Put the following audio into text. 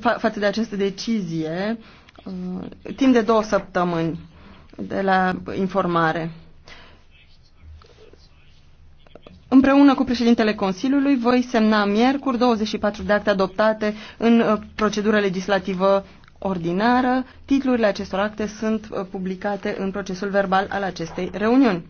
fa față de această decizie uh, timp de două săptămâni de la informare. Împreună cu președintele Consiliului voi semna miercuri 24 de acte adoptate în uh, procedură legislativă ordinară. Titlurile acestor acte sunt uh, publicate în procesul verbal al acestei reuniuni.